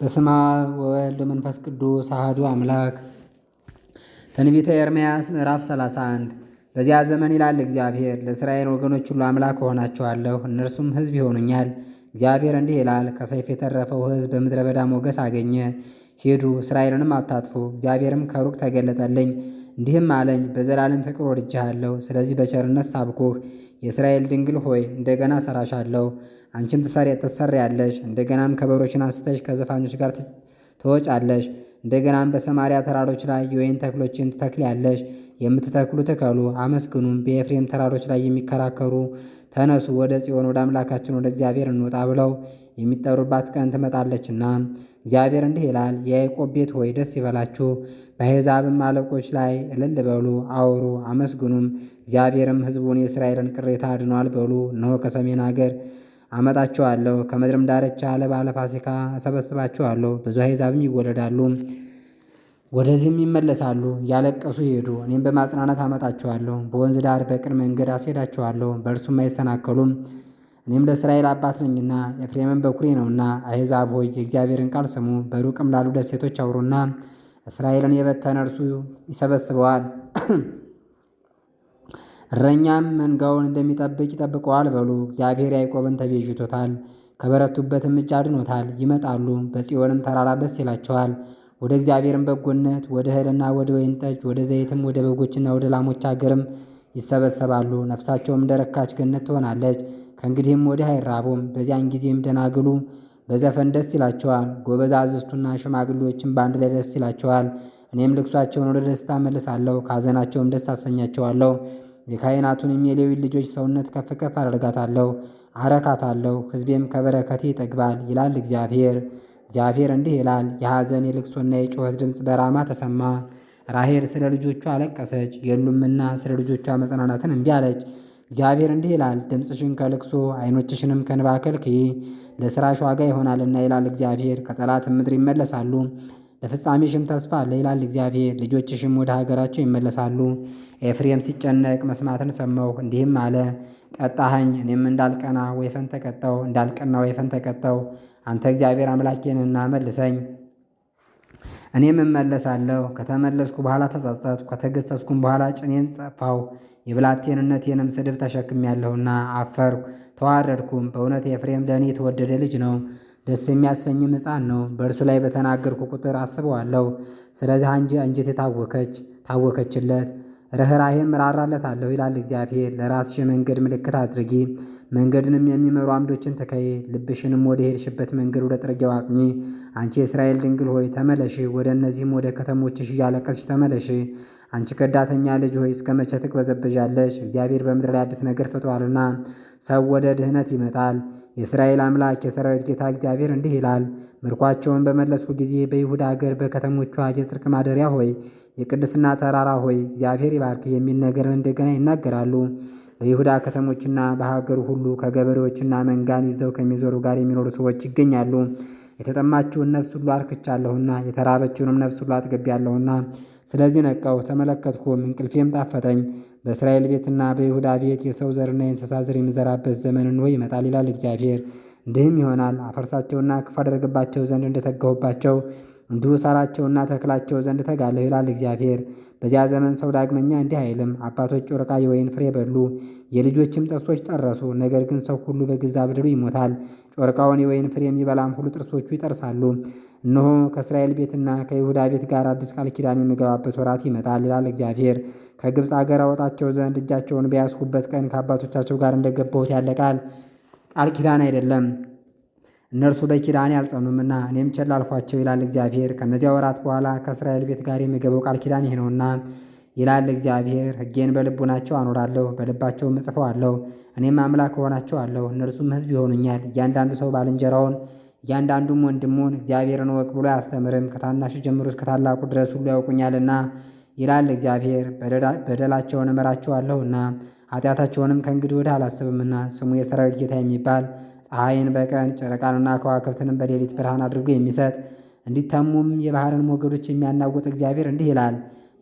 በስመ አብ ወወልድ ወመንፈስ ቅዱስ አሐዱ አምላክ። ትንቢተ ኤርምያስ ምዕራፍ 31 በዚያ ዘመን ይላል እግዚአብሔር፣ ለእስራኤል ወገኖች ሁሉ አምላክ እሆናቸዋለሁ፣ እነርሱም ሕዝብ ይሆኑኛል። እግዚአብሔር እንዲህ ይላል፣ ከሰይፍ የተረፈው ሕዝብ በምድረ በዳ ሞገስ አገኘ። ሂዱ፣ እስራኤልንም አታጥፉ። እግዚአብሔርም ከሩቅ ተገለጠልኝ እንዲህም አለኝ፣ በዘላለም ፍቅር ወድጄሃለሁ። ስለዚህ በቸርነት ሳብኩህ። የእስራኤል ድንግል ሆይ እንደገና ሰራሻለሁ፣ አንቺም ትሰሪያለሽ። እንደገናም ከበሮችን አንስተሽ ከዘፋኞች ጋር ትወጫለሽ። እንደገናም በሰማሪያ ተራሮች ላይ የወይን ተክሎችን ትተክሊያለሽ። የምትተክሉ ትከሉ፣ አመስግኑም። በኤፍሬም ተራሮች ላይ የሚከራከሩ ተነሱ ወደ ጽዮን ወደ አምላካችን ወደ እግዚአብሔር እንወጣ ብለው የሚጠሩባት ቀን ትመጣለችና እግዚአብሔር እንዲህ ይላል፣ የያዕቆብ ቤት ሆይ ደስ ይበላችሁ፣ በአሕዛብም አለቆች ላይ እልል በሉ፣ አውሩ፣ አመስግኑም። እግዚአብሔርም ሕዝቡን የእስራኤልን ቅሬታ አድኗል በሉ። እነሆ ከሰሜን አገር አመጣችኋለሁ፣ ከምድርም ዳርቻ ለበዓለ ፋሲካ እሰበስባችኋለሁ፣ ብዙ አሕዛብም ይወለዳሉ። ወደዚህም ይመለሳሉ እያለቀሱ ይሄዱ። እኔም በማጽናናት አመጣቸዋለሁ። በወንዝ ዳር በቅን መንገድ አስሄዳቸዋለሁ፣ በእርሱም አይሰናከሉም። እኔም ለእስራኤል አባት ነኝና ኤፍሬምን በኩሬ ነውና። አሕዛብ ሆይ የእግዚአብሔርን ቃል ስሙ፣ በሩቅም ላሉ ደሴቶች አውሩና። እስራኤልን የበተነ እርሱ ይሰበስበዋል፣ እረኛም መንጋውን እንደሚጠብቅ ይጠብቀዋል በሉ። እግዚአብሔር ያዕቆብን ተቤዥቶታል፣ ከበረቱበትም እጅ አድኖታል። ይመጣሉ፣ በጽዮንም ተራራ ደስ ይላቸዋል። ወደ እግዚአብሔርም በጎነት ወደ እህልና ወደ ወይን ጠጅ ወደ ዘይትም ወደ በጎችና ወደ ላሞች አገርም ይሰበሰባሉ። ነፍሳቸውም ደረካች ገነት ትሆናለች። ከእንግዲህም ወዲህ አይራቡም። በዚያን ጊዜም ደናግሉ በዘፈን ደስ ይላቸዋል፣ ጎበዛዝቱና ሽማግሌዎችም በአንድ ላይ ደስ ይላቸዋል። እኔም ልቅሷቸውን ወደ ደስታ መልሳለሁ፣ ከሐዘናቸውም ደስ አሰኛቸዋለሁ። የካህናቱንም የሌዊ ልጆች ሰውነት ከፍ ከፍ አደርጋታለሁ፣ አረካታለሁ። ሕዝቤም ከበረከቴ ይጠግባል ይላል እግዚአብሔር። እግዚአብሔር እንዲህ ይላል፣ የሐዘን የልቅሶና የጩኸት ድምፅ በራማ ተሰማ። ራሄል ስለ ልጆቿ አለቀሰች፣ የሉምና ስለ ልጆቿ መጽናናትን እምቢ አለች። እግዚአብሔር እንዲህ ይላል፣ ድምፅሽን ከልቅሶ ዓይኖችሽንም ከእንባ ከልክዪ፣ ለሥራሽ ዋጋ ይሆናልና ይላል እግዚአብሔር። ከጠላት ምድር ይመለሳሉ፣ ለፍጻሜሽም ተስፋ አለ ይላል እግዚአብሔር። ልጆችሽም ወደ ሀገራቸው ይመለሳሉ። ኤፍሬም ሲጨነቅ መስማትን ሰማሁ፣ እንዲህም አለ፣ ቀጣኸኝ፣ እኔም እንዳልቀና ወይፈን ተቀጠው፣ እንዳልቀና ወይፈን ተቀጠው አንተ እግዚአብሔር አምላኬንና መልሰኝ እኔም እመለሳለሁ። ከተመለስኩ በኋላ ተጸጸትኩ፣ ከተገሰጽኩም በኋላ ጭኔን ጸፋው። የብላቴንነቴንም ስድብ ተሸክሜያለሁና አፈርኩ፣ ተዋረድኩም። በእውነት ኤፍሬም ለእኔ የተወደደ ልጅ ነው፣ ደስ የሚያሰኝም ሕፃን ነው። በእርሱ ላይ በተናገርኩ ቁጥር አስበዋለሁ። ስለዚህ አንጀቴ ታወከች ታወከችለት ርኅራኄም እራራለታለሁ ይላል እግዚአብሔር። ለራስሽ የመንገድ ምልክት አድርጊ፣ መንገድንም የሚመሩ አምዶችን ትከዪ። ልብሽንም ወደ ሄድሽበት መንገድ ወደ ጥርጊያው አቅኚ። አንቺ የእስራኤል ድንግል ሆይ ተመለሽ ወደ እነዚህም ወደ ከተሞችሽ እያለቀስሽ ተመለሺ። አንቺ ከዳተኛ ልጅ ሆይ እስከ መቼ ትቅበዘበዣለሽ? እግዚአብሔር በምድር ላይ አዲስ ነገር ፈጥሯልና ሰው ወደ ድህነት ይመጣል። የእስራኤል አምላክ የሰራዊት ጌታ እግዚአብሔር እንዲህ ይላል፣ ምርኳቸውን በመለስኩ ጊዜ በይሁዳ አገር በከተሞቿ የጽድቅ ማደሪያ ሆይ፣ የቅድስና ተራራ ሆይ እግዚአብሔር ይባርክ የሚል ነገር እንደገና ይናገራሉ። በይሁዳ ከተሞችና በሀገሩ ሁሉ ከገበሬዎችና መንጋን ይዘው ከሚዞሩ ጋር የሚኖሩ ሰዎች ይገኛሉ። የተጠማችውን ነፍስ ሁሉ አርክቻለሁና የተራበችውንም ነፍስ ሁሉ አጥግቤያለሁና ስለዚህ ነቃው ተመለከትኩም፣ እንቅልፌም ጣፈጠኝ። በእስራኤል ቤትና በይሁዳ ቤት የሰው ዘርና የእንስሳ ዘር የሚዘራበት ዘመን እንሆ ይመጣል ይላል እግዚአብሔር። እንዲህም ይሆናል አፈርሳቸውና ክፉ አደርግባቸው ዘንድ እንደተገቡባቸው። እንዲሁ ሳራቸውና ተክላቸው ዘንድ ተጋለሁ ይላል እግዚአብሔር። በዚያ ዘመን ሰው ዳግመኛ እንዲህ አይልም፣ አባቶች ጮርቃ የወይን ፍሬ በሉ፣ የልጆችም ጥርሶች ጠረሱ። ነገር ግን ሰው ሁሉ በገዛ ብድሩ ይሞታል፣ ጮርቃውን የወይን ፍሬ የሚበላም ሁሉ ጥርሶቹ ይጠርሳሉ። እነሆ ከእስራኤል ቤትና ከይሁዳ ቤት ጋር አዲስ ቃል ኪዳን የሚገባበት ወራት ይመጣል ይላል እግዚአብሔር። ከግብፅ አገር አወጣቸው ዘንድ እጃቸውን በያዝኩበት ቀን ከአባቶቻቸው ጋር እንደገባሁት ያለ ቃል ቃል ኪዳን አይደለም። እነርሱ በኪዳኔ አልጸኑምና እኔም ቸል አልኳቸው ይላል እግዚአብሔር። ከእነዚያ ወራት በኋላ ከእስራኤል ቤት ጋር የሚገበው ቃል ኪዳን ይሄ ነውና ይላል እግዚአብሔር። ሕጌን በልቡናቸው አኖራለሁ፣ በልባቸውም እጽፈዋለሁ። እኔም አምላክ እሆናቸዋለሁ፣ እነርሱም ሕዝብ ይሆኑኛል። እያንዳንዱ ሰው ባልንጀራውን እያንዳንዱም ወንድሙን እግዚአብሔርን እወቅ ብሎ አያስተምርም፣ ከታናሹ ጀምሮ እስከ ታላቁ ድረስ ሁሉ ያውቁኛልና ይላል እግዚአብሔር። በደላቸውን እምራቸዋለሁና ኃጢአታቸውንም ከእንግዲህ ወደ አላስብምና ስሙ የሰራዊት ጌታ የሚባል ፀሐይን በቀን ጨረቃንና ከዋክብትንም በሌሊት ብርሃን አድርጎ የሚሰጥ እንዲታሙም የባህርን ሞገዶች የሚያናውጥ እግዚአብሔር እንዲህ ይላል።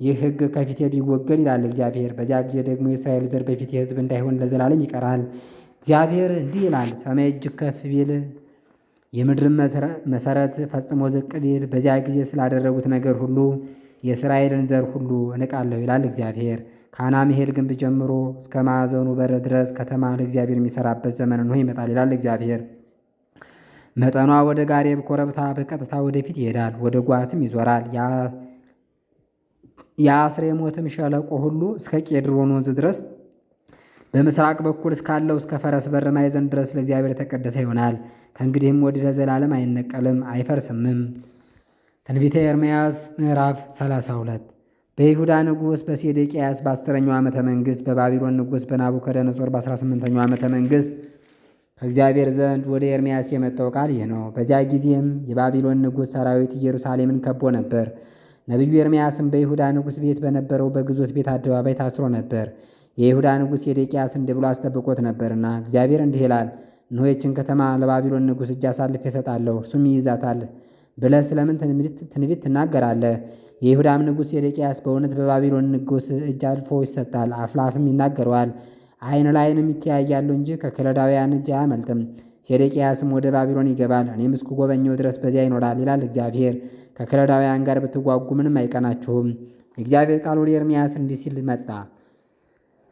ይህ ሕግ ከፊቴ ቢወገድ ይላል እግዚአብሔር፣ በዚያ ጊዜ ደግሞ የእስራኤል ዘር በፊቴ ሕዝብ እንዳይሆን ለዘላለም ይቀራል። እግዚአብሔር እንዲህ ይላል። ሰማይ እጅግ ከፍ ቢል የምድርን መሰረት ፈጽሞ ዝቅ ቢል፣ በዚያ ጊዜ ስላደረጉት ነገር ሁሉ የእስራኤልን ዘር ሁሉ እንቃለሁ ይላል እግዚአብሔር። ከአናምሄል ግንብ ጀምሮ እስከ ማዕዘኑ በር ድረስ ከተማ ለእግዚአብሔር የሚሰራበት ዘመን ነው ይመጣል ይላል እግዚአብሔር። መጠኗ ወደ ጋሬብ ኮረብታ በቀጥታ ወደፊት ይሄዳል፣ ወደ ጓትም ይዞራል። የአስሬሞትም ሸለቆ ሁሉ እስከ ቄድሮን ወንዝ ድረስ በምስራቅ በኩል እስካለው እስከ ፈረስ በር ማዕዘን ድረስ ለእግዚአብሔር የተቀደሰ ይሆናል። ከእንግዲህም ወዲህ ለዘላለም አይነቀልም አይፈርስምም። ትንቢተ ኤርምያስ ምዕራፍ 32 በይሁዳ ንጉሥ በሴዴቅያስ በአስረኛው ዓመተ መንግሥት በባቢሎን ንጉሥ በናቡከደነጾር በ18ኛው ዓመተ መንግሥት ከእግዚአብሔር ዘንድ ወደ ኤርምያስ የመጣው ቃል ይህ ነው። በዚያ ጊዜም የባቢሎን ንጉሥ ሰራዊት ኢየሩሳሌምን ከቦ ነበር። ነቢዩ ኤርምያስም በይሁዳ ንጉሥ ቤት በነበረው በግዞት ቤት አደባባይ ታስሮ ነበር። የይሁዳ ንጉሥ ሴዴቅያስ እንዲህ ብሎ አስጠብቆት ነበርና እግዚአብሔር እንዲህ ይላል፣ እነሆ ይህችን ከተማ ለባቢሎን ንጉሥ እጅ አሳልፌ እሰጣለሁ፣ እርሱም ይይዛታል ብለህ ስለምን ትንቢት ትናገራለህ? የይሁዳም ንጉሥ ሴዴቅያስ በእውነት በባቢሎን ንጉሥ እጅ አልፎ ይሰጣል፣ አፍላፍም ይናገረዋል፣ ዓይን ላይንም ይተያያሉ እንጂ ከከለዳውያን እጅ አያመልጥም። ሴዴቅያስም ወደ ባቢሎን ይገባል፣ እኔም እስክጎበኘው ድረስ በዚያ ይኖራል ይላል እግዚአብሔር። ከከለዳውያን ጋር ብትጓጉ ምንም አይቀናችሁም። እግዚአብሔር ቃል ወደ ኤርምያስ እንዲህ ሲል መጣ።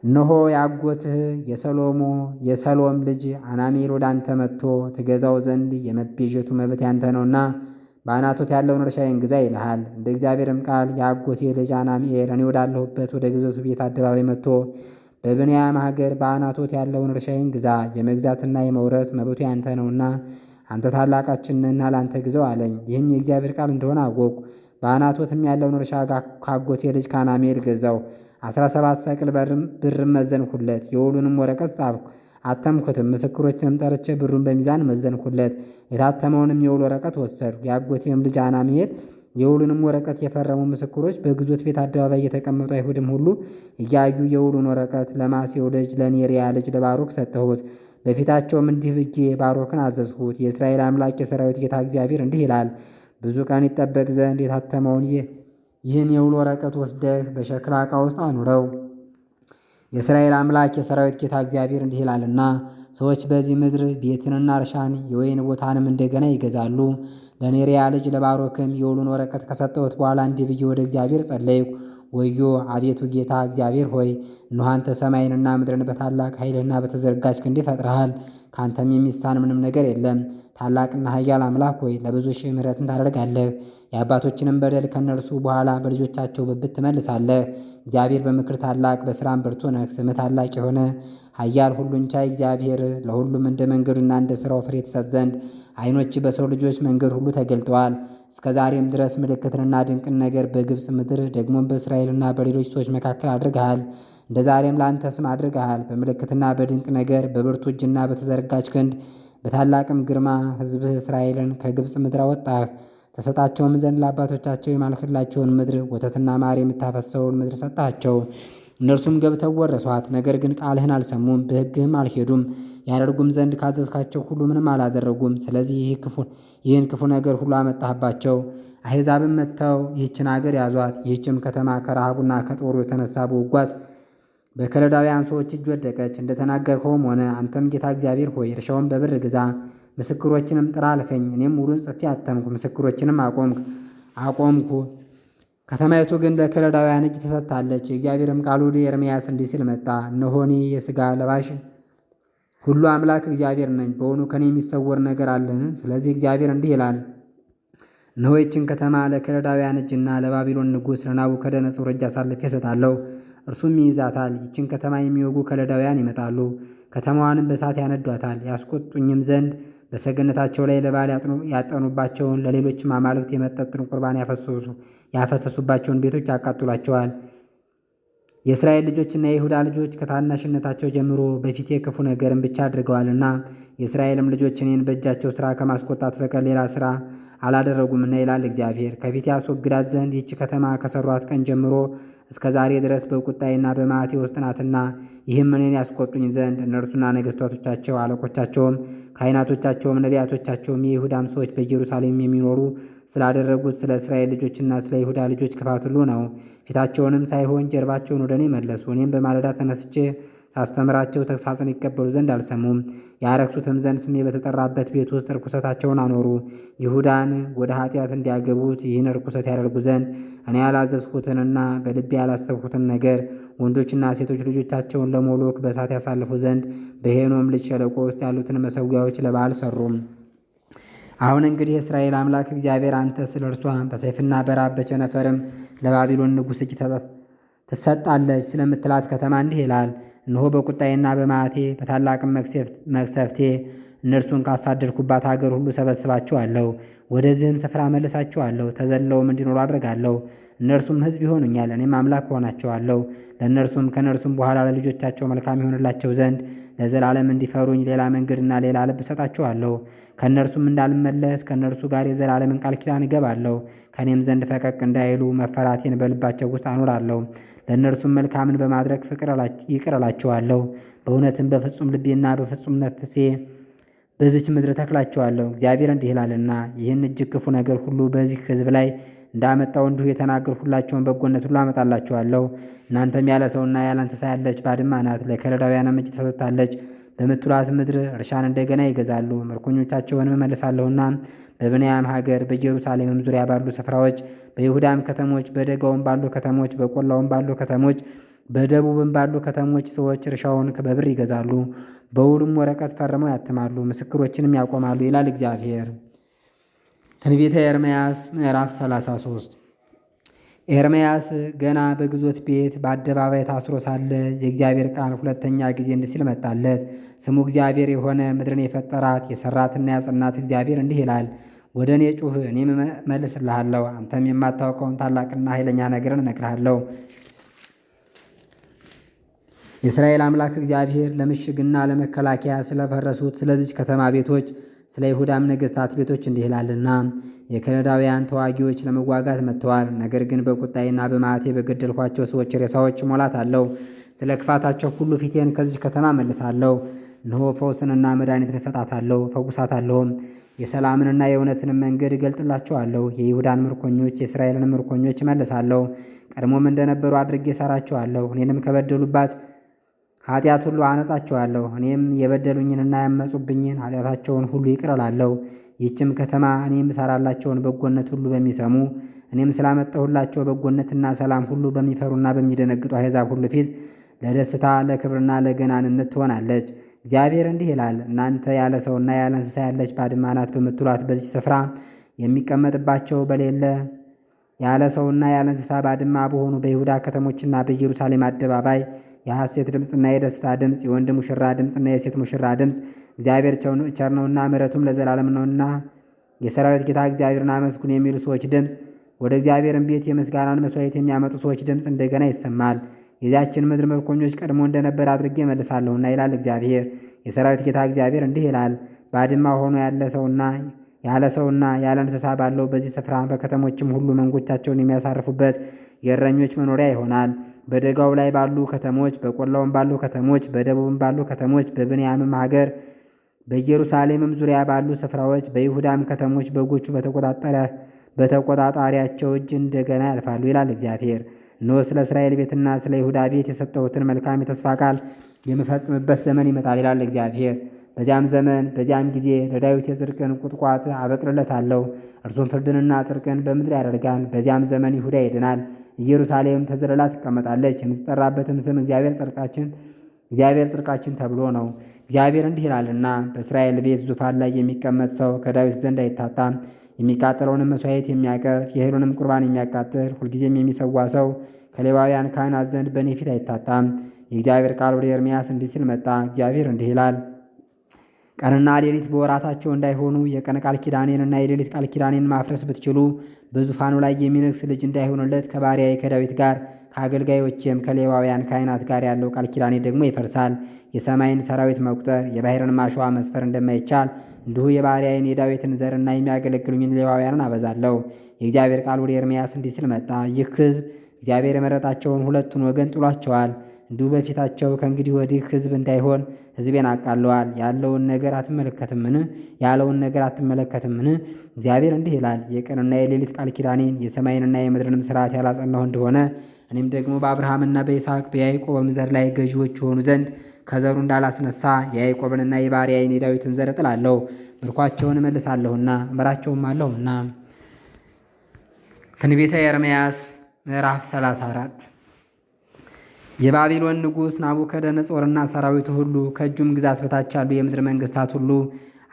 እነሆ ያጎትህ የሰሎሞ የሰሎም ልጅ አናሜል ወደ አንተ መጥቶ ትገዛው ዘንድ የመቤዠቱ መብት ያንተ ነውና በአናቶት ያለውን እርሻዬን ግዛ ይልሃል። እንደ እግዚአብሔርም ቃል የአጎቴ ልጅ አናምኤል እኔ ወዳለሁበት ወደ ግዘቱ ቤት አደባባይ መጥቶ በብንያም ሀገር በአናቶት ያለውን እርሻዬን ግዛ፣ የመግዛትና የመውረስ መብቱ ያንተ ነውና አንተ ታላቃችን ነህና ላንተ ግዘው አለኝ። ይህም የእግዚአብሔር ቃል እንደሆነ አወቅሁ። በአናቶትም ያለውን እርሻ ካጎቴ ልጅ ካናሜል ገዛው። አስራ ሰቅል ብርም መዘንሁለት፣ የውሉንም ወረቀት ጻፍኩ። አተምኩትም። ምስክሮችንም ጠርቼ ብሩን በሚዛን መዘንኩለት። የታተመውንም የውል ወረቀት ወሰዱ። የአጎቴንም ልጅ አና መሄድ የውሉንም ወረቀት የፈረሙ ምስክሮች፣ በግዞት ቤት አደባባይ የተቀመጡ አይሁድም ሁሉ እያዩ የውሉን ወረቀት ለማሴው ልጅ ለኔሪያ ልጅ ለባሮክ ሰጠሁት። በፊታቸውም እንዲህ ብዬ ባሮክን አዘዝሁት። የእስራኤል አምላክ የሰራዊት ጌታ እግዚአብሔር እንዲህ ይላል ብዙ ቀን ይጠበቅ ዘንድ የታተመውን ይህን የውል ወረቀት ወስደህ በሸክላ ዕቃ ውስጥ አኑረው የእስራኤል አምላክ የሰራዊት ጌታ እግዚአብሔር እንዲህ ይላልና ሰዎች በዚህ ምድር ቤትንና እርሻን የወይን ቦታንም እንደገና ይገዛሉ። ለኔሪያ ልጅ ለባሮክም የውሉን ወረቀት ከሰጠሁት በኋላ እንዲህ ብዬ ወደ እግዚአብሔር ጸለይኩ። ወዮ አቤቱ ጌታ እግዚአብሔር ሆይ እነሆ አንተ ሰማይንና ምድርን በታላቅ ኃይልህና በተዘረጋች ክንድ ይፈጥረሃል። ከአንተም የሚሳን ምንም ነገር የለም። ታላቅና ኃያል አምላክ ሆይ ለብዙ ሺህ ምሕረትን ታደርጋለህ፣ የአባቶችንም በደል ከእነርሱ በኋላ በልጆቻቸው ብብት ትመልሳለህ። እግዚአብሔር በምክር ታላቅ፣ በሥራም ብርቱ ነህ። ስምህ ታላቅ የሆነ ኃያል ሁሉን ቻይ እግዚአብሔር ለሁሉም እንደ መንገዱና እንደ ሥራው ፍሬ ትሰጥ ዘንድ አይኖች በሰው ልጆች መንገድ ሁሉ ተገልጠዋል። እስከ ዛሬም ድረስ ምልክትንና ድንቅን ነገር በግብፅ ምድር ደግሞም በእስራኤልና በሌሎች ሰዎች መካከል አድርገሃል። እንደ ዛሬም ለአንተ ስም አድርገሃል። በምልክትና በድንቅ ነገር በብርቱ እጅና በተዘረጋች ክንድ በታላቅም ግርማ ሕዝብህ እስራኤልን ከግብፅ ምድር አወጣህ። ተሰጣቸውም ዘንድ ለአባቶቻቸው የማልክላቸውን ምድር ወተትና ማር የምታፈሰውን ምድር ሰጣቸው። እነርሱም ገብተው ወረሷት። ነገር ግን ቃልህን አልሰሙም፣ በሕግህም አልሄዱም። ያደርጉም ዘንድ ካዘዝካቸው ሁሉ ምንም አላደረጉም። ስለዚህ ይህ ክፉ ይህን ክፉ ነገር ሁሉ አመጣህባቸው። አሕዛብም መጥተው ይህችን አገር ያዟት። ይህችም ከተማ ከረሃቡና ከጦሩ የተነሳ በውጓት በከለዳውያን ሰዎች እጅ ወደቀች። እንደተናገርከውም ሆነ። አንተም ጌታ እግዚአብሔር ሆይ እርሻውን በብር ግዛ፣ ምስክሮችንም ጥራ አልከኝ። እኔም ሙሉን ጽፌ አተምኩ፣ ምስክሮችንም አቆምኩ። ከተማይቱ ግን ለከለዳውያን እጅ ተሰጥታለች። የእግዚአብሔርም ቃል ወደ ኤርምያስ እንዲህ ሲል መጣ። እነሆ እኔ የሥጋ ለባሽ ሁሉ አምላክ እግዚአብሔር ነኝ። በእውኑ ከኔ የሚሰወር ነገር አለን? ስለዚህ እግዚአብሔር እንዲህ ይላል፣ እነሆ ይህችን ከተማ ለከለዳውያን እጅና ለባቢሎን ንጉሥ ለናቡከደነጾር እጅ አሳልፌ እሰጣለሁ፣ እርሱም ይይዛታል። ይችን ከተማ የሚወጉ ከለዳውያን ይመጣሉ፣ ከተማዋንም በእሳት ያነዷታል። ያስቆጡኝም ዘንድ በሰገነታቸው ላይ ለባል ያጠኑባቸውን ለሌሎችም አማልክት የመጠጥን ቁርባን ያፈሰሱባቸውን ቤቶች ያቃጥሏቸዋል። የእስራኤል ልጆችና የይሁዳ ልጆች ከታናሽነታቸው ጀምሮ በፊቴ ክፉ ነገርን ብቻ አድርገዋልና የእስራኤልም ልጆች እኔን በእጃቸው ሥራ ከማስቆጣት በቀር ሌላ ሥራ አላደረጉምና ይላል እግዚአብሔር። ከፊቴ አስወግዳት ዘንድ ይህች ከተማ ከሠሯት ቀን ጀምሮ እስከ ዛሬ ድረስ በቁጣዬና በማቴ ውስጥ ናትና፣ ይህም እኔን ያስቆጡኝ ዘንድ እነርሱና ነገሥታቶቻቸው፣ አለቆቻቸውም፣ ካህናቶቻቸውም፣ ነቢያቶቻቸውም የይሁዳም ሰዎች በኢየሩሳሌም የሚኖሩ ስላደረጉት ስለ እስራኤል ልጆችና ስለ ይሁዳ ልጆች ክፋት ሁሉ ነው። ፊታቸውንም ሳይሆን ጀርባቸውን ወደ እኔ መለሱ። እኔም በማለዳ ተነስቼ ሳስተምራቸው ተግሳጽን ይቀበሉ ዘንድ አልሰሙም። ያረክሱትም ዘንድ ስሜ በተጠራበት ቤት ውስጥ ርኩሰታቸውን አኖሩ። ይሁዳን ወደ ኃጢአት እንዲያገቡት ይህን ርኩሰት ያደርጉ ዘንድ እኔ ያላዘዝሁትንና በልቤ ያላሰብሁትን ነገር ወንዶችና ሴቶች ልጆቻቸውን ለሞሎክ በእሳት ያሳልፉ ዘንድ በሄኖም ልጅ ሸለቆ ውስጥ ያሉትን መሰዊያዎች ለበዓል ሰሩም። አሁን እንግዲህ እስራኤል አምላክ እግዚአብሔር አንተ ስለ እርሷ በሰይፍና በራብ በቸነፈርም ለባቢሎን ንጉሥ እጅ ትሰጣለች ስለምትላት ከተማ እንዲህ ይላል እነሆ በቁጣዬና በማዕቴ በታላቅም መቅሰፍቴ እነርሱን ካሳደድኩባት አገር ሁሉ ሰበስባችኋለሁ፣ ወደዚህም ስፍራ መልሳቸዋለሁ። ተዘልለውም እንዲኖሩ አድርጋለሁ። እነርሱም ሕዝብ ይሆኑኛል፣ እኔም አምላክ ሆናቸዋለሁ። ለእነርሱም ከእነርሱም በኋላ ለልጆቻቸው መልካም ይሆንላቸው ዘንድ ለዘላለም እንዲፈሩኝ ሌላ መንገድና ሌላ ልብ እሰጣቸዋለሁ። ከእነርሱም እንዳልመለስ ከእነርሱ ጋር የዘላለምን ቃል ኪዳን እገባለሁ። ከእኔም ዘንድ ፈቀቅ እንዳይሉ መፈራቴን በልባቸው ውስጥ አኖራለሁ። ለእነርሱም መልካምን በማድረግ ፍቅር ይቅር እላቸዋለሁ። በእውነትም በፍጹም ልቤና በፍጹም ነፍሴ በዚች ምድር ተክላቸዋለሁ። እግዚአብሔር እንዲህ ይላልና ይህን እጅግ ክፉ ነገር ሁሉ በዚህ ሕዝብ ላይ እንዳመጣው እንዲሁ የተናገርሁላቸውን በጎነት ሁሉ አመጣላችኋለሁ። እናንተም ያለ ሰውና ያለ እንስሳ ያለች ባድማ ናት፣ ለከለዳውያንም እጅ ተሰጥታለች። በምትሏት ምድር እርሻን እንደገና ይገዛሉ። ምርኮኞቻቸውን እመልሳለሁና በብንያም ሀገር በኢየሩሳሌምም ዙሪያ ባሉ ስፍራዎች፣ በይሁዳም ከተሞች፣ በደጋውም ባሉ ከተሞች፣ በቆላውም ባሉ ከተሞች፣ በደቡብም ባሉ ከተሞች ሰዎች እርሻውን በብር ይገዛሉ። በውሉም ወረቀት ፈርመው ያትማሉ፣ ምስክሮችንም ያቆማሉ ይላል እግዚአብሔር። ትንቢተ ኤርምያስ ምዕራፍ 33 ኤርምያስ ገና በግዞት ቤት በአደባባይ ታስሮ ሳለ የእግዚአብሔር ቃል ሁለተኛ ጊዜ እንዲህ ሲል መጣለት። ስሙ እግዚአብሔር የሆነ ምድርን የፈጠራት የሰራትና ያጸናት እግዚአብሔር እንዲህ ይላል፣ ወደ እኔ ጩህ፣ እኔም እመልስልሃለሁ። አንተም የማታውቀውን ታላቅና ኃይለኛ ነገርን እነግርሃለሁ። የእስራኤል አምላክ እግዚአብሔር ለምሽግና ለመከላከያ ስለፈረሱት ስለዚች ከተማ ቤቶች ስለ ይሁዳም ነገሥታት ቤቶች እንዲህ ይላልና የከለዳውያን ተዋጊዎች ለመዋጋት መጥተዋል። ነገር ግን በቁጣዬና በማዕቴ በገደልኳቸው ሰዎች ሬሳዎች እሞላታለሁ። ስለ ክፋታቸው ሁሉ ፊቴን ከዚች ከተማ መልሳለሁ። እነሆ ፈውስንና መድኃኒትን እሰጣታለሁ፣ እፈውሳታለሁም። የሰላምንና የእውነትንም መንገድ እገልጥላቸዋለሁ። የይሁዳን ምርኮኞች የእስራኤልን ምርኮኞች እመልሳለሁ። ቀድሞም እንደነበሩ አድርጌ እሰራቸዋለሁ። እኔንም ከበደሉባት ኃጢአት ሁሉ አነጻቸዋለሁ። እኔም የበደሉኝንና ያመፁብኝን ኃጢአታቸውን ሁሉ ይቅር እላለሁ። ይህችም ከተማ እኔም እሰራላቸውን በጎነት ሁሉ በሚሰሙ እኔም ስላመጣሁላቸው በጎነትና ሰላም ሁሉ በሚፈሩና በሚደነግጡ አሕዛብ ሁሉ ፊት ለደስታ ለክብርና ለገናንነት ትሆናለች። እግዚአብሔር እንዲህ ይላል፣ እናንተ ያለ ሰውና ያለ እንስሳ ያለች ባድማ ናት በምትሏት በዚህ ስፍራ የሚቀመጥባቸው በሌለ ያለ ሰውና ያለ እንስሳ ባድማ በሆኑ በይሁዳ ከተሞችና በኢየሩሳሌም አደባባይ የሐሴት ድምፅና የደስታ ድምፅ፣ የወንድ ሙሽራ ድምፅና የሴት ሙሽራ ድምፅ። እግዚአብሔር ቸር ነውና ምሕረቱም ለዘላለም ነውና የሰራዊት ጌታ እግዚአብሔርን አመስግኑ የሚሉ ሰዎች ድምፅ፣ ወደ እግዚአብሔርን ቤት የምስጋናን መስዋዕት የሚያመጡ ሰዎች ድምፅ እንደገና ይሰማል። የዚያችን ምድር ምርኮኞች ቀድሞ እንደነበር አድርጌ መልሳለሁና ይላል እግዚአብሔር። የሰራዊት ጌታ እግዚአብሔር እንዲህ ይላል፣ ባድማ ሆኖ ያለ ሰውና ያለ ሰውና ያለ እንስሳ ባለው በዚህ ስፍራ በከተሞችም ሁሉ መንጎቻቸውን የሚያሳርፉበት የእረኞች መኖሪያ ይሆናል። በደጋው ላይ ባሉ ከተሞች፣ በቆላውም ባሉ ከተሞች፣ በደቡብም ባሉ ከተሞች፣ በብንያምም ሀገር፣ በኢየሩሳሌምም ዙሪያ ባሉ ስፍራዎች፣ በይሁዳም ከተሞች በጎቹ በተቆጣጠረ በተቆጣጣሪያቸው እጅ እንደገና ያልፋሉ ይላል እግዚአብሔር። እነሆ ስለ እስራኤል ቤትና ስለ ይሁዳ ቤት የሰጠሁትን መልካም የተስፋ ቃል የምፈጽምበት ዘመን ይመጣል ይላል እግዚአብሔር። በዚያም ዘመን በዚያም ጊዜ ለዳዊት የጽድቅን ቁጥቋጥ አበቅልለታለሁ፣ እርሱም ፍርድንና ጽድቅን በምድር ያደርጋል። በዚያም ዘመን ይሁዳ ይድናል፣ ኢየሩሳሌም ተዘለላ ትቀመጣለች። የምትጠራበትም ስም እግዚአብሔር ጽድቃችን እግዚአብሔር ጽድቃችን ተብሎ ነው። እግዚአብሔር እንዲህ ይላልና በእስራኤል ቤት ዙፋን ላይ የሚቀመጥ ሰው ከዳዊት ዘንድ አይታጣም። የሚቃጠለውንም መሥዋዕት የሚያቀርብ የእህሉንም ቁርባን የሚያቃጥል ሁልጊዜም የሚሰዋ ሰው ከሌዋውያን ካህናት ዘንድ በእኔ ፊት አይታጣም። የእግዚአብሔር ቃል ወደ ኤርምያስ እንዲህ ሲል መጣ። እግዚአብሔር እንዲህ ይላል ቀንና ሌሊት በወራታቸው እንዳይሆኑ የቀን ቃል ኪዳኔንና የሌሊት ቃል ኪዳኔን ማፍረስ ብትችሉ በዙፋኑ ላይ የሚነግስ ልጅ እንዳይሆኑለት ከባሪያዬ ከዳዊት ጋር ከአገልጋዮችም ከሌዋውያን ካህናት ጋር ያለው ቃል ኪዳኔ ደግሞ ይፈርሳል። የሰማይን ሰራዊት መቁጠር የባሕርን ማሸዋ መስፈር እንደማይቻል እንዲሁ የባሪያዬን የዳዊትን ዘርና የሚያገለግሉኝን ሌዋውያንን አበዛለሁ። የእግዚአብሔር ቃል ወደ ኤርምያስ እንዲህ ሲል መጣ። ይህ ሕዝብ እግዚአብሔር የመረጣቸውን ሁለቱን ወገን ጥሏቸዋል። እንዲሁ በፊታቸው ከእንግዲህ ወዲህ ሕዝብ እንዳይሆን ሕዝቤን አቃለዋል። ያለውን ነገር አትመለከትምን? ያለውን ነገር አትመለከትምን? እግዚአብሔር እንዲህ ይላል፣ የቀንና የሌሊት ቃል ኪዳኔን የሰማይንና የምድርንም ስርዓት ያላጸናሁ እንደሆነ እኔም ደግሞ በአብርሃምና በይስሐቅ በያዕቆብም ዘር ላይ ገዢዎች የሆኑ ዘንድ ከዘሩ እንዳላስነሳ የያዕቆብንና የባሪያዬን የዳዊትን ዘር እጥላለሁ፣ ምርኳቸውን እመልሳለሁና እምራቸውም አለሁና። ትንቢተ ኤርምያስ ምዕራፍ 34 የባቢሎን ንጉሥ ናቡከደነጾርና ሰራዊቱ ሁሉ ከእጁም ግዛት በታች ያሉ የምድር መንግስታት ሁሉ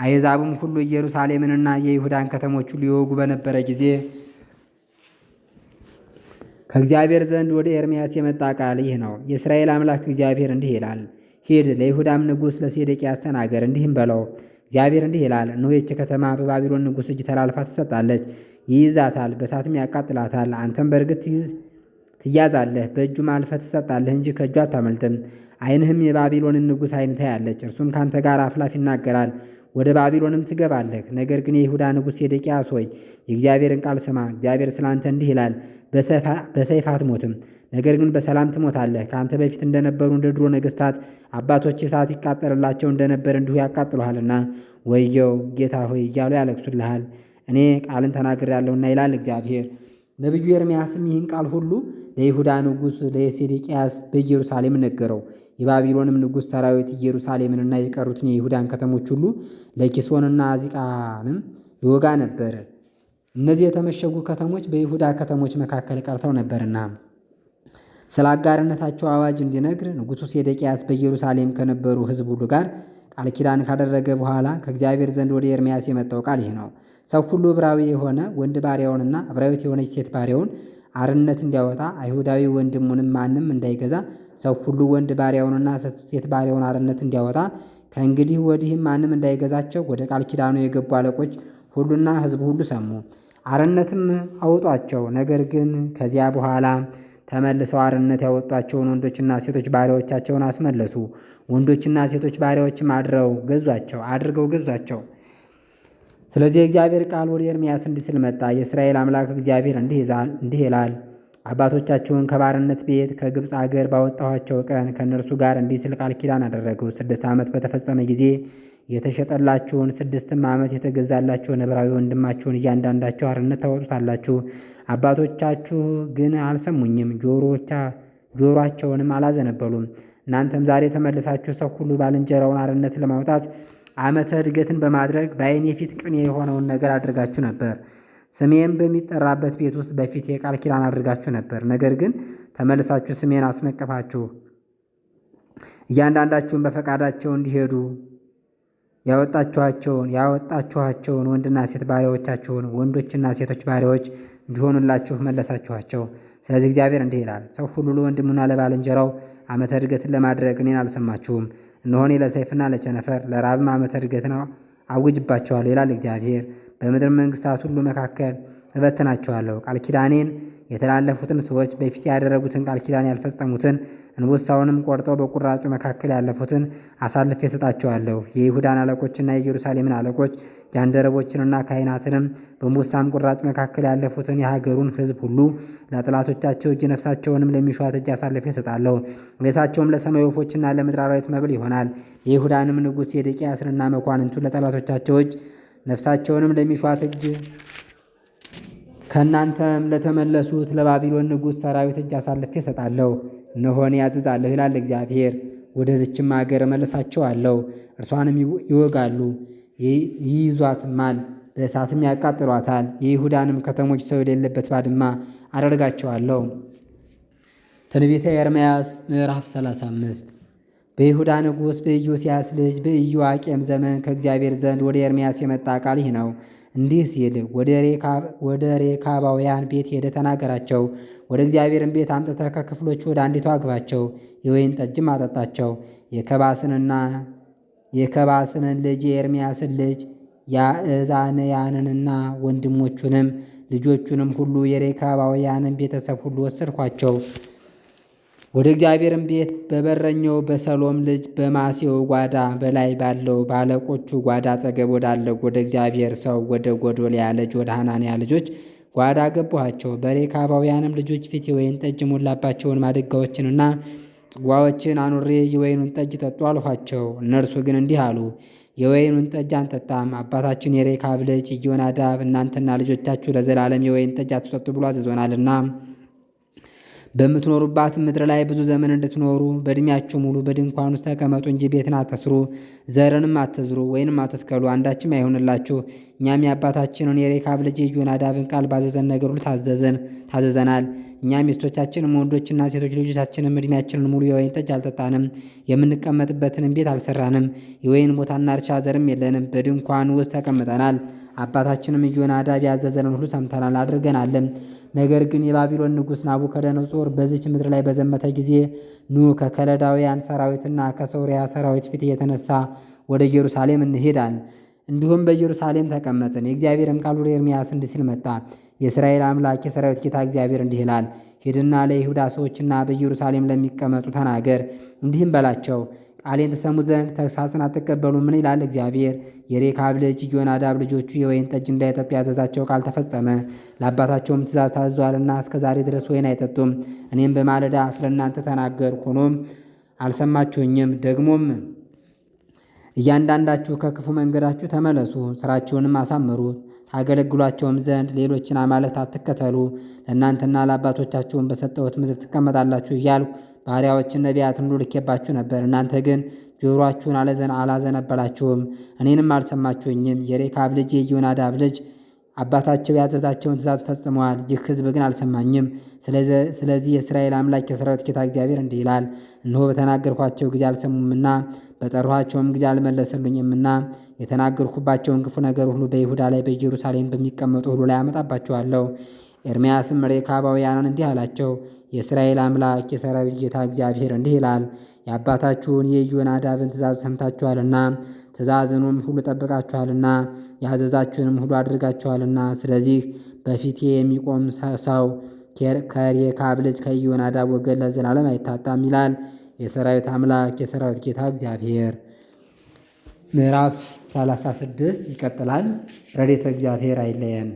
አሕዛብም ሁሉ ኢየሩሳሌምንና የይሁዳን ከተሞች ሁሉ ይወጉ በነበረ ጊዜ ከእግዚአብሔር ዘንድ ወደ ኤርምያስ የመጣ ቃል ይህ ነው። የእስራኤል አምላክ እግዚአብሔር እንዲህ ይላል፣ ሂድ ለይሁዳም ንጉሥ ለሴዴቅያስ ተናገር፣ እንዲህም በለው እግዚአብሔር እንዲህ ይላል፣ እነሆ ይህች ከተማ በባቢሎን ንጉሥ እጅ ተላልፋ ትሰጣለች፣ ይይዛታል፣ በሳትም ያቃጥላታል። አንተም በእርግጥ ትያዛለህ፣ በእጁ ማልፈ ትሰጣለህ እንጂ ከእጁ አታመልጥም። ዓይንህም የባቢሎንን ንጉሥ ዓይን ታያለች፣ እርሱም ካንተ ጋር አፍላፍ ይናገራል፣ ወደ ባቢሎንም ትገባለህ። ነገር ግን የይሁዳ ንጉሥ ሴዴቅያስ ሆይ የእግዚአብሔርን ቃል ስማ። እግዚአብሔር ስለ አንተ እንዲህ ይላል፣ በሰይፍ አትሞትም፣ ነገር ግን በሰላም ትሞታለህ። ከአንተ በፊት እንደነበሩ እንደ ድሮ ነገሥታት አባቶች እሳት ይቃጠልላቸው እንደነበር እንዲሁ ያቃጥሉሃልና ወየው ጌታ ሆይ እያሉ ያለቅሱልሃል። እኔ ቃልን ያለሁና ይላል እግዚአብሔር። ነቢዩ ኤርምያስም ይህን ቃል ሁሉ ለይሁዳ ንጉሥ ለሴዴቅያስ በኢየሩሳሌም ነገረው። የባቢሎንም ንጉሥ ሰራዊት ኢየሩሳሌምንና የቀሩትን የይሁዳን ከተሞች ሁሉ ለኪሶንና አዚቃንም ይወጋ ነበረ። እነዚህ የተመሸጉ ከተሞች በይሁዳ ከተሞች መካከል ቀርተው ነበርና ስለ አጋርነታቸው አዋጅ እንዲነግር ንጉሡ ሴዴቅያስ በኢየሩሳሌም ከነበሩ ሕዝብ ሁሉ ጋር ቃል ኪዳን ካደረገ በኋላ ከእግዚአብሔር ዘንድ ወደ ኤርምያስ የመጣው ቃል ይህ ነው። ሰው ሁሉ ዕብራዊ የሆነ ወንድ ባሪያውንና ዕብራዊት የሆነች ሴት ባሪያውን አርነት እንዲያወጣ አይሁዳዊ ወንድሙንም ማንም እንዳይገዛ ሰው ሁሉ ወንድ ባሪያውንና ሴት ባሪያውን አርነት እንዲያወጣ ከእንግዲህ ወዲህም ማንም እንዳይገዛቸው ወደ ቃል ኪዳኑ የገቡ አለቆች ሁሉና ሕዝቡ ሁሉ ሰሙ። አርነትም አወጧቸው ነገር ግን ከዚያ በኋላ ተመልሰው አርነት ያወጧቸውን ወንዶችና ሴቶች ባሪያዎቻቸውን አስመለሱ። ወንዶችና ሴቶች ባሪያዎችም አድረው ገዟቸው አድርገው ገዟቸው። ስለዚህ የእግዚአብሔር ቃል ወደ ኤርምያስ እንዲህ ሲል መጣ። የእስራኤል አምላክ እግዚአብሔር እንዲህ ይላል፣ አባቶቻችሁን ከባርነት ቤት ከግብፅ አገር ባወጣኋቸው ቀን ከእነርሱ ጋር እንዲህ ስል ቃል ኪዳን አደረገው። ስድስት ዓመት በተፈጸመ ጊዜ የተሸጠላችሁን ስድስትም ዓመት የተገዛላችሁ ነብራዊ ወንድማችሁን እያንዳንዳችሁ አርነት ታወጡታላችሁ። አባቶቻችሁ ግን አልሰሙኝም፣ ጆሮአቸውንም አላዘነበሉም። እናንተም ዛሬ ተመልሳችሁ ሰው ሁሉ ባልንጀራውን አርነት ለማውጣት ዓመተ እድገትን በማድረግ በዓይን የፊት ቅኔ የሆነውን ነገር አድርጋችሁ ነበር። ስሜም በሚጠራበት ቤት ውስጥ በፊት የቃል ኪዳን አድርጋችሁ ነበር። ነገር ግን ተመልሳችሁ ስሜን አስነቀፋችሁ። እያንዳንዳችሁን በፈቃዳቸው እንዲሄዱ ያወጣችኋቸውን ያወጣችኋቸውን ወንድና ሴት ባሪያዎቻችሁን ወንዶችና ሴቶች ባሪያዎች እንዲሆኑላችሁ መለሳችኋቸው። ስለዚህ እግዚአብሔር እንዲህ ይላል፣ ሰው ሁሉ ለወንድሙና ለባልንጀራው ዓመተ እድገትን ለማድረግ እኔን አልሰማችሁም። እነሆኔ ለሰይፍና ለቸነፈር ለራብም ዓመተ እድገትን አውጅባቸዋለሁ ይላል እግዚአብሔር። በምድር መንግስታት ሁሉ መካከል እበትናቸዋለሁ። ቃል ኪዳኔን የተላለፉትን ሰዎች በፊት ያደረጉትን ቃል ኪዳን ያልፈጸሙትን እንቦሳውንም ቆርጠው በቁራጩ መካከል ያለፉትን አሳልፌ እሰጣቸዋለሁ። የይሁዳን አለቆችና የኢየሩሳሌምን አለቆች ጃንደረቦችንና ካህናትንም በእንቦሳም ቁራጭ መካከል ያለፉትን የሀገሩን ሕዝብ ሁሉ ለጠላቶቻቸው እጅ ነፍሳቸውንም ለሚሿት እጅ አሳልፌ እሰጣለሁ። ሬሳቸውም ለሰማይ ወፎችና ለምድር አራዊት መብል ይሆናል። የይሁዳንም ንጉሥ ሴዴቅያስንና መኳንንቱን ለጠላቶቻቸው እጅ ነፍሳቸውንም ለሚሿት እጅ ከእናንተም ለተመለሱት ለባቢሎን ንጉሥ ሰራዊት እጅ አሳልፌ እሰጣለሁ፣ እነሆን ያዝዛለሁ ይላል እግዚአብሔር። ወደ ዝችም አገር እመልሳቸዋለሁ፣ እርሷንም ይወጋሉ፣ ይይዟትማል፣ በእሳትም ያቃጥሏታል። የይሁዳንም ከተሞች ሰው የሌለበት ባድማ አደርጋቸዋለሁ። ትንቢተ ኤርምያስ ምዕራፍ 35 በይሁዳ ንጉሥ በኢዮስያስ ልጅ በኢዮአቄም ዘመን ከእግዚአብሔር ዘንድ ወደ ኤርምያስ የመጣ ቃል ይህ ነው። እንዲህ ሲል ወደ ሬካባውያን ቤት ሄደ ተናገራቸው። ወደ እግዚአብሔርን ቤት አምጥተ ከክፍሎቹ ወደ አንዲቱ አግባቸው፣ የወይን ጠጅም አጠጣቸው። የከባስንና የከባስንን ልጅ የኤርምያስን ልጅ ያእዛንያንንና ወንድሞቹንም ልጆቹንም ሁሉ የሬካባውያንን ቤተሰብ ሁሉ ወሰድኳቸው። ወደ እግዚአብሔርም ቤት በበረኛው በሰሎም ልጅ በማሴው ጓዳ በላይ ባለው ባለቆቹ ጓዳ አጠገብ ወዳለው ወደ እግዚአብሔር ሰው ወደ ጎዶልያ ልጅ ወደ ሐናንያ ልጆች ጓዳ ገባኋቸው። በሬካባውያንም ልጆች ፊት የወይን ጠጅ ሞላባቸውን ማድጋዎችንና ጽዋዎችን አኑሬ የወይኑን ጠጅ ጠጡ አልኋቸው። እነርሱ ግን እንዲህ አሉ፣ የወይኑን ጠጅ አንጠጣም። አባታችን የሬካብ ልጅ ኢዮናዳብ እናንተና ልጆቻችሁ ለዘላለም የወይን ጠጅ አትጠጡ ብሎ አዝዞናልና በምትኖሩባት ምድር ላይ ብዙ ዘመን እንድትኖሩ በእድሜያችሁ ሙሉ በድንኳን ውስጥ ተቀመጡ እንጂ ቤትን አትስሩ፣ ዘርንም አትዝሩ፣ ወይንም አትትከሉ፣ አንዳችም አይሆንላችሁ። እኛም የአባታችንን የሬካብ ልጅ የዮናዳብን ቃል ባዘዘን ነገር ሁሉ ታዘዘን ታዘዘናል። እኛም ሚስቶቻችንም ወንዶችና ሴቶች ልጆቻችንም እድሜያችንን ሙሉ የወይን ጠጅ አልጠጣንም፣ የምንቀመጥበትንም ቤት አልሰራንም፣ የወይን ቦታና እርሻ ዘርም የለንም፣ በድንኳን ውስጥ ተቀምጠናል። አባታችንም ዮናዳብ ያዘዘንን ሁሉ ሰምተናል አድርገናልም። ነገር ግን የባቢሎን ንጉሥ ናቡከደነጾር በዚች ምድር ላይ በዘመተ ጊዜ ኑ ከከለዳውያን ሰራዊትና ከሶርያ ሰራዊት ፊት የተነሳ ወደ ኢየሩሳሌም እንሄዳል። እንዲሁም በኢየሩሳሌም ተቀመጥን። የእግዚአብሔርም ቃል ወደ ኤርምያስ እንዲህ ሲል መጣ። የእስራኤል አምላክ የሰራዊት ጌታ እግዚአብሔር እንዲህ ይላል፣ ሂድና ለይሁዳ ሰዎችና በኢየሩሳሌም ለሚቀመጡ ተናገር፣ እንዲህም በላቸው ቃሌን ትሰሙ ዘንድ ተግሳጽን አትቀበሉ ምን ይላል እግዚአብሔር? የሬካብ ልጅ ኢዮናዳብ ልጆቹ የወይን ጠጅ እንዳይጠጡ ያዘዛቸው ቃል ተፈጸመ። ለአባታቸውም ትእዛዝ ታዟልና እስከ ዛሬ ድረስ ወይን አይጠጡም። እኔም በማለዳ ስለ እናንተ ተናገር፣ ሆኖም አልሰማችሁኝም። ደግሞም እያንዳንዳችሁ ከክፉ መንገዳችሁ ተመለሱ፣ ስራችሁንም አሳምሩ ታገለግሏቸውም ዘንድ ሌሎችን አማልክት አትከተሉ፣ ለእናንተና ለአባቶቻችሁን በሰጠሁት ምድር ትቀመጣላችሁ እያልኩ ባሪያዎችን ነቢያትም ሁሉ ልኬባችሁ ነበር። እናንተ ግን ጆሮአችሁን አለዘን አላዘነበላችሁም፣ እኔንም አልሰማችሁኝም። የሬካብ ልጅ የዮናዳብ ልጅ አባታቸው ያዘዛቸውን ትእዛዝ ፈጽመዋል። ይህ ሕዝብ ግን አልሰማኝም። ስለዚህ የእስራኤል አምላክ የሰራዊት ጌታ እግዚአብሔር እንዲህ ይላል፣ እነሆ በተናገርኳቸው ጊዜ አልሰሙምና በጠሯቸውም ጊዜ አልመለሰሉኝምና የተናገርኩባቸውን ክፉ ነገር ሁሉ በይሁዳ ላይ በኢየሩሳሌም በሚቀመጡ ሁሉ ላይ አመጣባቸዋለሁ። ኤርምያስም ሬካባውያንን እንዲህ አላቸው፣ የእስራኤል አምላክ የሰራዊት ጌታ እግዚአብሔር እንዲህ ይላል፣ የአባታችሁን የኢዮናዳብን ትእዛዝ ሰምታችኋልና ትእዛዝኑም ሁሉ ጠብቃችኋልና ያዘዛችሁንም ሁሉ አድርጋችኋልና ስለዚህ በፊቴ የሚቆም ሰው ከሬካብ ልጅ ከኢዮናዳብ ወገን ለዘላለም አይታጣም ይላል የሰራዊት አምላክ የሰራዊት ጌታ እግዚአብሔር። ምዕራፍ 36 ይቀጥላል። ረድኤተ እግዚአብሔር አይለየን።